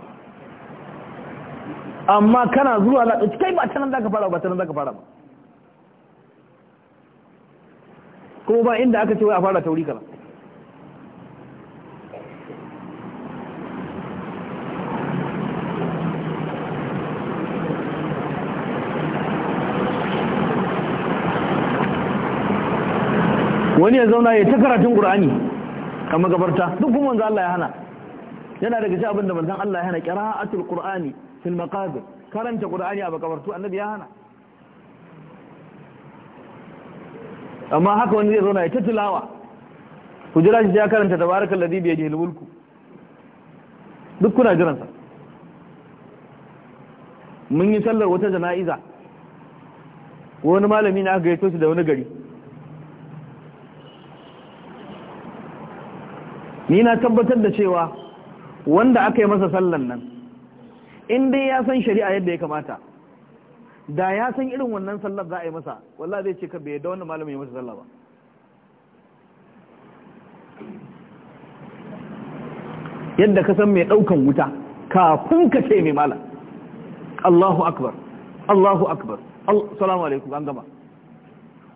amma kana zuwa na kai ba tanan za ka fara ba tanan za ka fara ba kuma ba inda aka ce wai a fara tauri kaza wani ya zauna ya ta karatun ƙur'ani a magabarta duk kuma wanzu Allah ya hana yana daga shi abinda manzan Allah ya hana ƙira'atul ƙur'ani fil maqabir karanta ƙur'ani a magabartu annabi ya hana amma haka wani zai zo na ita tilawa ku jira shi ya karanta tabarakal ladhi bi yadihi mulku duk kuna jiransa mun yi sallar wata jana'iza wani malami na aka gaito shi da wani gari ni na tabbatar da cewa wanda aka yi masa sallan nan in dai ya san shari'a yadda ya kamata da ya san irin wannan sallar za a yi masa wallah zai ce ka bai da wannan malamin ya masa sallah ba yadda ka san mai daukan wuta kafin ka ce mai malam Allahu akbar Allahu akbar assalamu alaikum an gama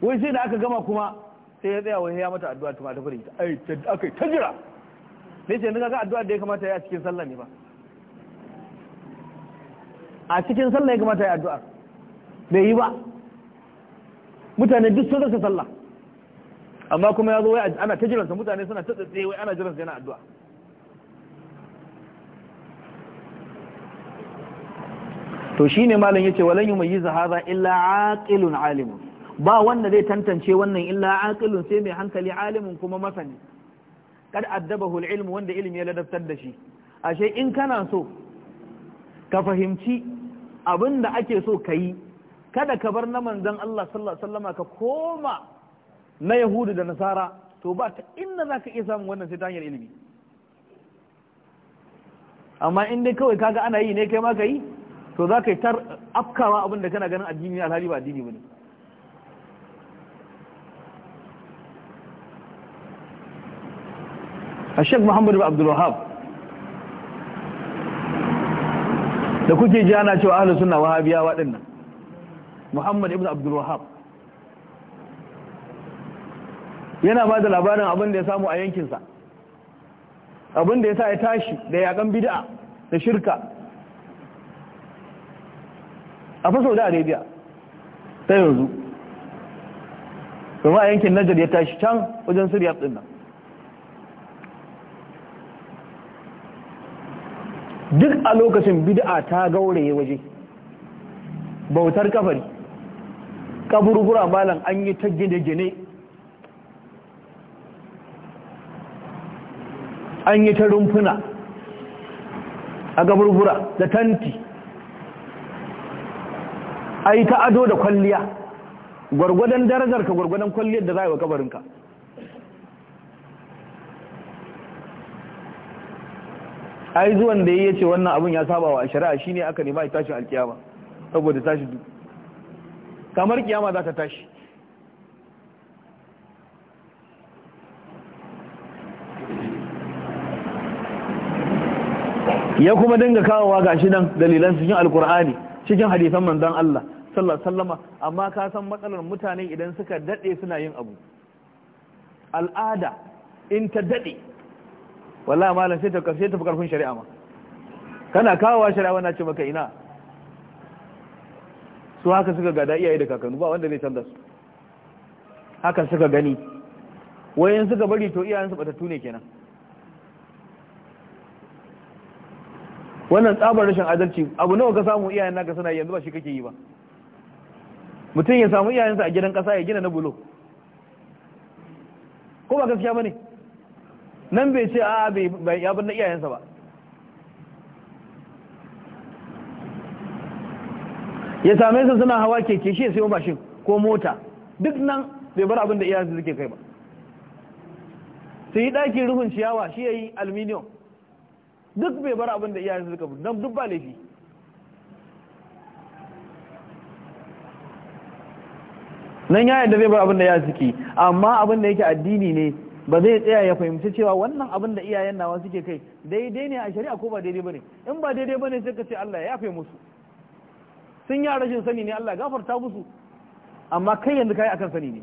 wai sai da aka gama kuma sai ya tsaya wai ya mata addu'a tuma ta fari ai akai ta jira ne ce ga addu'a da ya kamata ya cikin sallah ne ba a cikin sallah ya kamata ya addu'a bai yi ba mutane duk sun rasa sallah amma kuma ya zo wai ana ta jiransa mutane suna ta tsatsaye wai ana jiransa yana addu'a to ne malam yace walan yi hadha illa aqilun alim ba wanda zai tantance wannan illa aqilun sai mai hankali alimin kuma masani kad addabahu ilmu wanda ilimi ya ladabtar da shi ashe in kana so ka fahimci abin da ake so ka yi kada ka bar na manzon Allah sallallahu alaihi wasallama ka koma na yahudu da nasara to ba ta inda za ka iya samun wannan sai ta ilimi amma in dai kawai kaga ana yi ne kai ma ka yi to za ka yi tar afkawa abin da kana ganin addini alhali ba addini bane Sheikh Muhammad bin Abdul Wahhab da kuke ji ana cewa ahlus sunna wahabiyawa dinnan muhammad ibn abdulwahab yana ba da labarin abin da ya samu a yankinsa abin da ya sa ya tashi da yakan bid'a da shirka a faso saudi arabia ta yanzu kuma a yankin najar ya tashi can wajen siriya dinnan duk a lokacin bid'a ta gauraye waje bautar kafari kaburbura malam an yi ta gine-gine an yi ta rumfuna a kaburbura da tanti a yi ta ado da kwalliya gwargwadon ka gwargwadon kwalliyar da za a yi wa kabarinka yi zuwan da ya ce wannan abin ya saba wa shari'a shine aka nema tashin alkiyama saboda tashi duk kamar kiyama za ta tashi ya kuma dinga kawowa gashi nan dalilan cikin alkur'ani cikin hadisan manzon Allah sallallahu sallama amma ka san matsalar mutane idan suka dade suna yin abu al'ada in ta dade wallahi malam sai ta karshe ta fi karfin shari'a ma kana kawowa shari'a wannan ce maka ina su haka suka gada iyaye da kakannu ba wanda zai canza su haka suka gani wayan suka bari to iyayensu batattu ne kenan wannan tsabar rashin adalci abu nawa ka samu iyayen naka suna yanzu ba shi kake yi ba mutum ya samu iyayensa a gidan kasa ya gina na bulo ko ba gaskiya bane nan bai ce a bai ya na iyayensa ba ya same su suna hawa keke shi ya mashin ko mota duk nan bai bar abin da iyayensu suke kai ba su yi ɗakin ruhun ciyawa shi ya yi alminiyon duk bai bar abin da iyayensu suka fi duk ba laifi nan ya yadda zai bar abin da ya suke amma abin da yake addini ne ba zai tsaya ya fahimci cewa wannan abin da iyayen nawa suke kai daidai ne a shari'a ko ba daidai ba ne in ba daidai ba ne sai ka ce Allah ya fahimci musu sun yi rashin sani ne Allah gafarta musu amma kai yanzu kai akan sani ne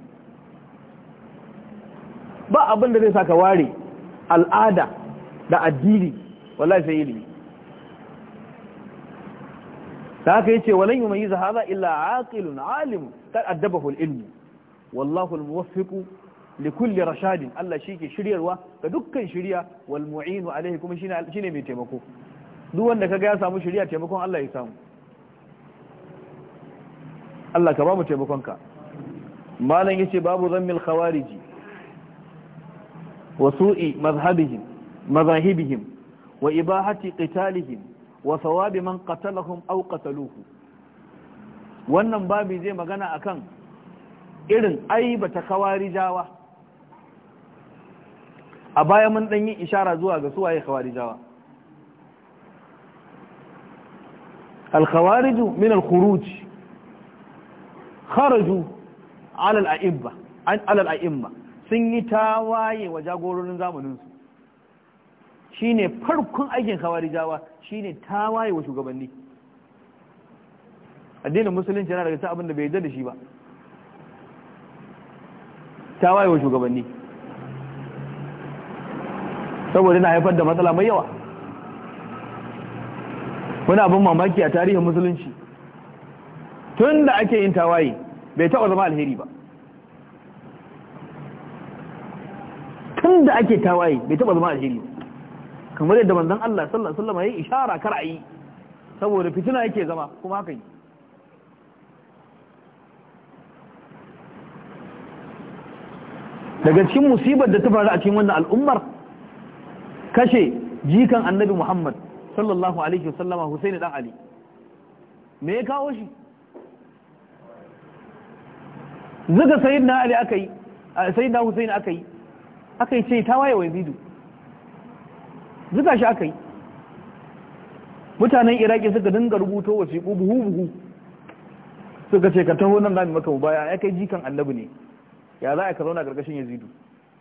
ba abin da zai saka ware al'ada da addini wallahi sai ilimi ta haka yace walan yumayyiza hadha illa aqilun alim kad addabahu al-ilm wallahu al-muwaffiq likulli rashadin Allah shike shiryarwa ga dukkan shiriya wal mu'inu alaihi kuma shine shine mai taimako duk wanda kaga ya samu shirya taimakon Allah ya samu Allah ka ba mu taimakonka malam yace babu zammil khawariji wa su'i mazhabihim mazahibihim wa ibahati qitalihim wa thawabi man qatalahum aw qataluhu wannan babu zai magana akan irin aibata khawarijawa a baya mun dan yi ishara zuwa ga suwaye khawarijawa al khawariju min al khuruj kharaju alal a'imma alal a'imma sun yi tawaye wa jagororin zamanin su shine farkon aikin khawarijawa shine tawaye wa shugabanni addinin musulunci yana daga cikin abin da bai yarda da shi ba tawaye wa shugabanni saboda yana haifar da matsala mai yawa wani abin mamaki a tarihin musulunci tun da ake yin tawaye bai taɓa zama alheri ba tun da ake tawaye bai taɓa zama alheri ba kamar yadda manzon Allah sallallahu alaihi wasallam yayi ishara kar ayi saboda fitina yake zama kuma haka daga cikin musibar da ta faru a cikin wannan al'ummar kashe jikan annabi Muhammad sallallahu alaihi wasallama Husaini dan Ali me ya kawo shi zuga na ali aka yi na Hussein aka yi aka yi ce ta waye wa yazidu zuga shi aka yi mutanen iraki suka dinga rubuto wasiƙu buhu buhu suka ce ka taho nan zamu maka baya ya kai jikan annabi ne ya za a ka zauna karkashin yazidu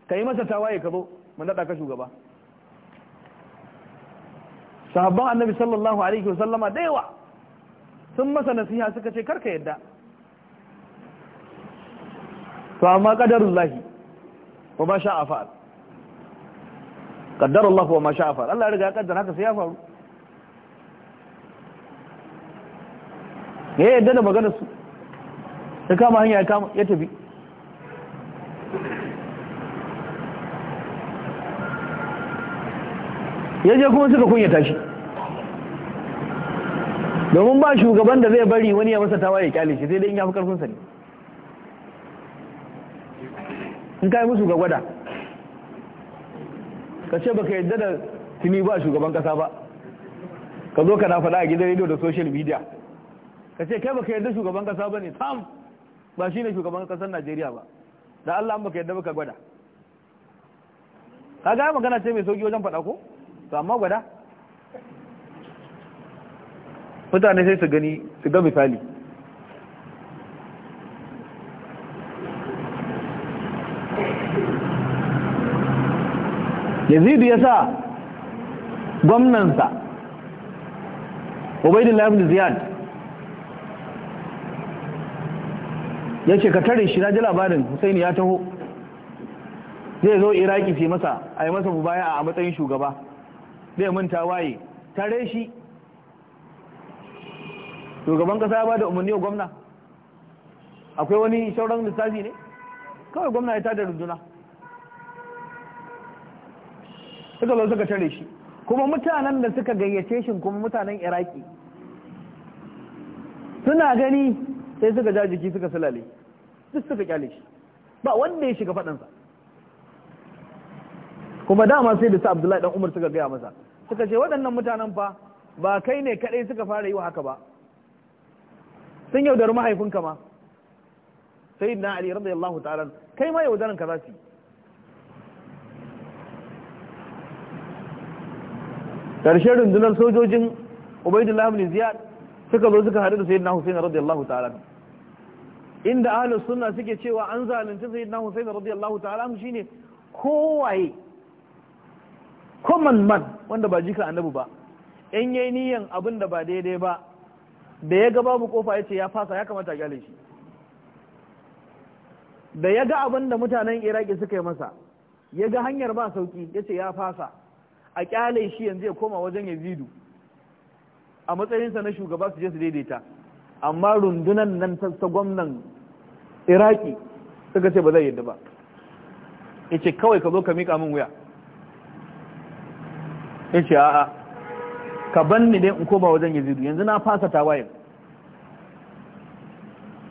ka yi masa waye ka zo mu naɗa ka shugaba sahabban annabi sallallahu alaihi wasallama da yawa sun masa nasiha suka ce karka yadda to amma qadarullahi wa ma sha'a fa'al qaddarallahu wa ma sha'a fa'al Allah ya riga ya kaddara haka sai ya faru ya yadda da magana su ya kama hanya ya ya tafi ya je kuma suka kunyata shi domin ba shugaban da zai bari wani ya masa tawaye kyalishi shi sai dai in ya fi karfin sani. ne in yi musu ga gwada ka ce baka yadda da tuni ba shugaban kasa ba ka zo ka na faɗa a gidan rediyo da social media ka ce kai baka yadda shugaban kasa ba ne sam ba shi ne shugaban kasar najeriya ba da allah an baka yadda baka gwada ka gaya magana ce mai sauki wajen faɗa ko to amma gwada mutane sai su gani su ga misali yazidu ya sa gwamnansa ubaidullah ibn ziyad ya ce ka tare shi na ji labarin husaini ya taho zai zo iraki fi masa a yi masa mubaya a matsayin shugaba zai manta waye tare shi shugaban kasa ya ba da umarni gwamna akwai wani shauran lissafi ne kawai gwamna ya tada runduna suka zo suka tare shi kuma mutanen da suka gayyace shi kuma mutanen iraki suna gani sai suka ja jiki suka sulale duk suka kyale shi ba wanda ya shiga faɗansa kuma dama sai da su abdullahi dan umar suka gaya masa suka ce waɗannan mutanen fa ba kai ne kaɗai suka fara yi wa haka ba sun yaudari mahaifinka ma sayyidina na ali radiyallahu ta'ala kai ma yaudaran ka za su yi ƙarshen rundunar sojojin ubaidullah ibn ziyad suka zo suka haɗu da sayyidina husayn radiyallahu ta'ala inda ahlus sunna suke cewa an zalunci sayyidina husayn radiyallahu ta'ala shine kowaye common man wanda ba jika annabi ba in yayi niyan abin da ba daidai ba da ya ga babu kofa ya ce ya fasa ya kamata ya shi da ya ga abin da mutanen iraki suka yi masa ya ga hanyar ba sauki ya ce ya fasa a kyale shi yanzu ya koma wajen yazidu a matsayinsa na shugaba su je su daidaita amma rundunan nan ta gwamnan iraki suka ce ba zai yadda ba ya ce kawai ka zo ka miƙa min wuya ya ce a'a ka ban ni dai in koma wajen yazidu yanzu na fasa tawayen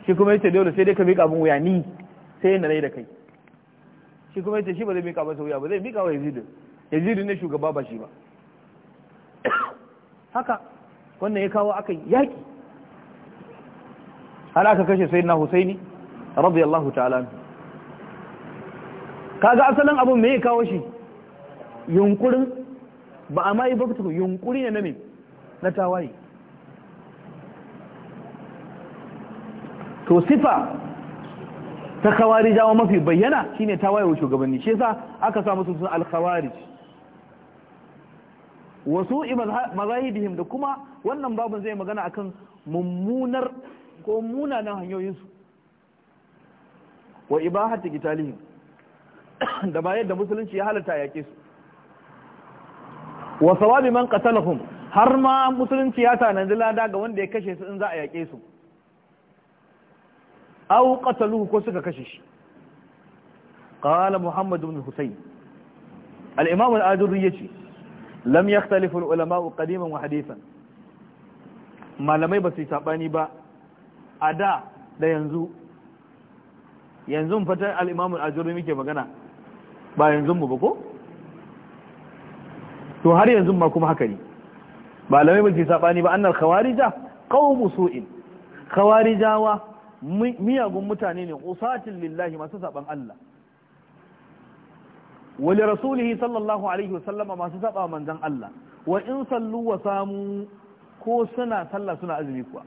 shi kuma ya ce dole sai dai ka miƙa min wuya ni sai na da kai shi kuma ya ce shi ba zai miƙa masa wuya ba zai miƙa wa yazidu yazid ne shugaba ba shi ba haka wannan ya kawo aka yaki har aka kashe sayyidina husaini radiyallahu ta'ala kaga asalin abun me ya kawo shi yunkurin ba a ma yi ba yunkuri ne na me na tawaye to sifa ta kawari jawo mafi bayyana shine tawaye wa shugabanni shi yasa aka sa musu al-khawarij wasu mazahibihim da kuma wannan babin zai magana akan mummunar ko munanan hanyoyinsu wa ibahati gitalihim da ba da musulunci ya halatta yake su wa sawabi man qatalahum har ma musulunci ya tanadi lada ga wanda ya kashe su in za a yake su aw qataluhu ko suka kashe shi qala muhammad ibn husayn al-imam al lam yakhtalifu ulama qadiman wa hadithan malamai ba su sabani ba ada da yanzu yanzu fata al-imam al-ajurri muke magana ba yanzu mu ba ko to har yanzu ma kuma haka ne malamai ba su sabani ba annal khawarija qawmu su'in khawarijawa miyagun mutane ne usatil lillahi masu saban Allah wa rasulihi sallallahu alaihi wasallama masu saba manzan Allah wa in sallu wa samu ko suna sallah suna azumi kuwa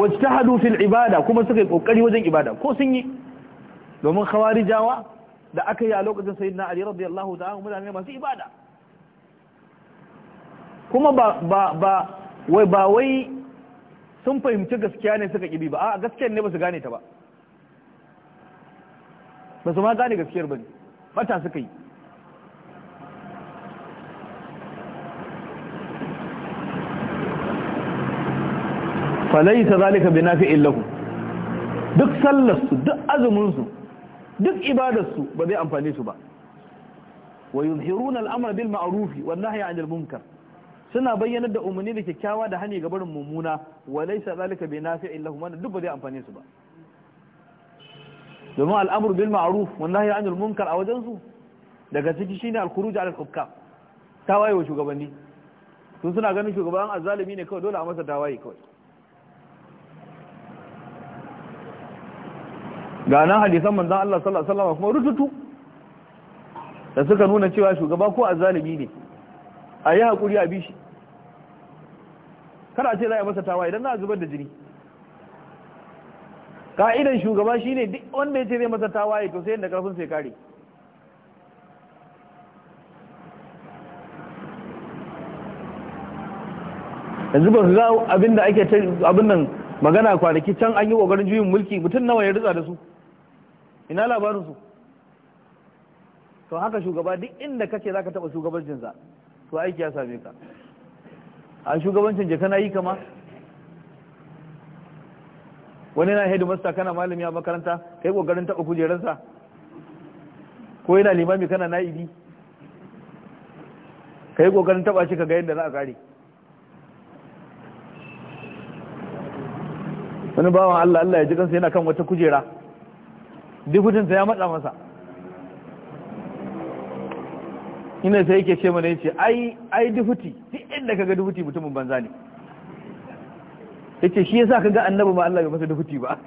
wajtahadu fil ibada kuma suka yi kokari wajen ibada ko sun yi domin khawarijawa da aka yi a lokacin sayyidina ali radiyallahu ta'ala mutane masu ibada kuma ba ba ba wai ba wai sun fahimci gaskiya ne suka ƙibi ba a gaskiyar ne ba su gane ta ba ba su ma gane gaskiyar ba ne bata suka yi falaisa zalika bi nafi'in lahu duk sallarsu duk azuminsu duk ibadarsu ba zai amfane su ba wa yuzhiruna al'amra bil ma'rufi wan nahyi 'anil munkar suna bayyanar da umarni da kyakkyawa da hani ga barin mummuna wa laysa zalika bi nafi'in lahum wannan duk ba zai amfane su ba domin al'amru bil ma'ruf wa nahyi anil munkar a wajen su daga ciki shine al khuruj ala al hukam tawaye wa shugabanni sun suna ganin shugaban azzalimi ne kawai dole a masa tawaye kawai ga nan hadisan manzon Allah sallallahu alaihi wasallam kuma rututu da suka nuna cewa shugaba ko azzalimi ne a yi haƙuri a bishi kada ce za a masa tawa idan na zubar da jini ka'idan shugaba ne duk wanda ya ce zai masa tawaye to sai yadda ƙarfin sai kare yanzu ba su za abinda ake abin nan magana kwanaki can an yi ƙoƙarin juyin mulki mutum nawa ya rutsa da su ina labarinsu to haka shugaba duk inda kake za ka taɓa jinsa to aiki ya same ka a shugabancin je kana yi kama wani na haidu masta kana malami a makaranta kai kogarin taɓa kujerarsa ko yana limami kana na'ibi kai kogarin taɓa shi ka ga yadda za a kare wani bawan Allah Allah ya ji kansa yana kan wata kujera dukutun ya matsa masa ina sai yake ce mana yace ai ai dufuti duk inda kaga dufuti mutumin banza ne yace shi yasa kaga annabi ma Allah bai masa dufuti ba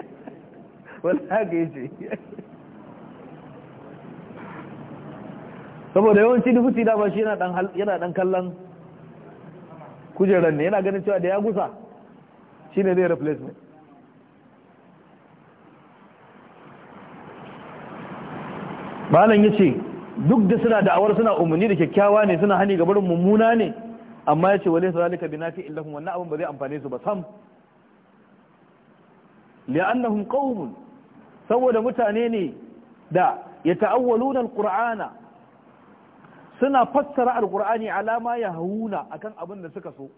<laughs> wallahi yace saboda yawanci dufuti da ba shi yana dan yana dan kallon kujerar ne yana ganin cewa da ya gusa shine zai replacement malam yace duk da suna da'awar suna umarni da kyakkyawa ne suna hani gabarin mummuna ne amma ya ce wale zalika binafi illahum wannan abin ba zai amfane su ba sam li'annahum qaumun saboda mutane ne da ya yata'awwaluna alqur'ana suna fassara alqur'ani alama ya hauna akan abin da suka so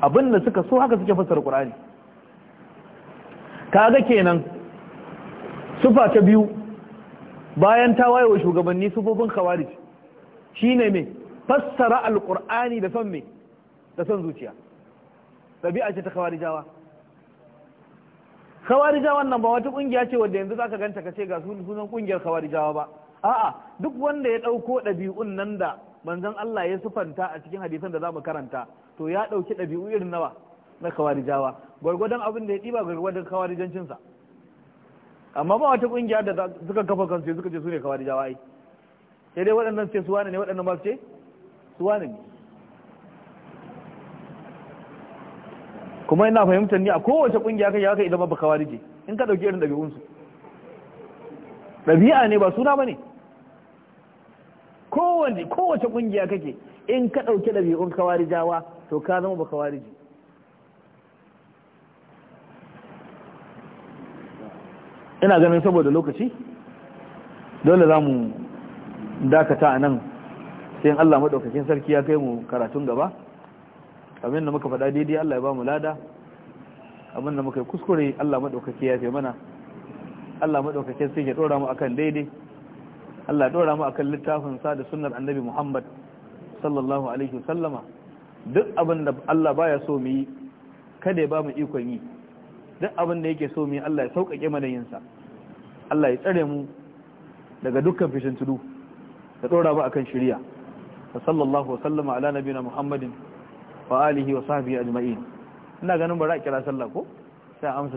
abin da suka so haka suke fassara alqur'ani kaga kenan sufa ta biyu bayan ta wa shugabanni sufofin khawarij shine me fassara alqur'ani da son me da son zuciya tabi'a ce ta khawarijawa khawarijawan nan ba wata ƙungiya ce wanda yanzu zaka ganta ce ga sunan kungiyar khawarijawa ba a'a duk wanda ya ɗauko ɗabi'un nan da manzon Allah ya sufanta a cikin hadisan da za mu karanta to ya ɗauki dabi'u irin nawa na khawarijawa gwargwadon abin da ya diba gwargwadon khawarijancin sa amma ba wata kungiya da suka kafa kansu suka ce su ne kawai da ai sai dai waɗannan ce su wane ne waɗannan ba su ce su ne kuma ina fahimtar ni a kowace kungiya kai ya kai idan ba kawai je in ka dauki irin ɗabi'unsu ɗabi'a ne ba suna ba ne kowace kungiya kake in ka ɗauki ɗabi'un kawarijawa to ka zama ba kawariji ina ganin saboda lokaci dole za mu dakata a nan sai Allah maɗaukakin sarki ya kai mu karatun gaba abinda muka faɗa daidai Allah ya ba mu lada abinda muka yi kuskure Allah maɗaukaki ya fi mana Allah maɗaukakin sai ya ɗora mu akan daidai Allah ɗora mu akan littafin sa da sunar annabi Muhammad sallallahu alaihi wasallama duk abinda Allah baya so mu yi kada ya ba mu ikon yi duk abin da yake so mai Allah ya sauƙaƙe mana yin Allah ya tsare mu daga dukkan fishin tudu da ɗora ba akan shirya da sallallahu wa sallama ala nabiyina muhammadin wa alihi wa sahbihi ajma'in ina ganin ba za a kira sallah ko sai amsa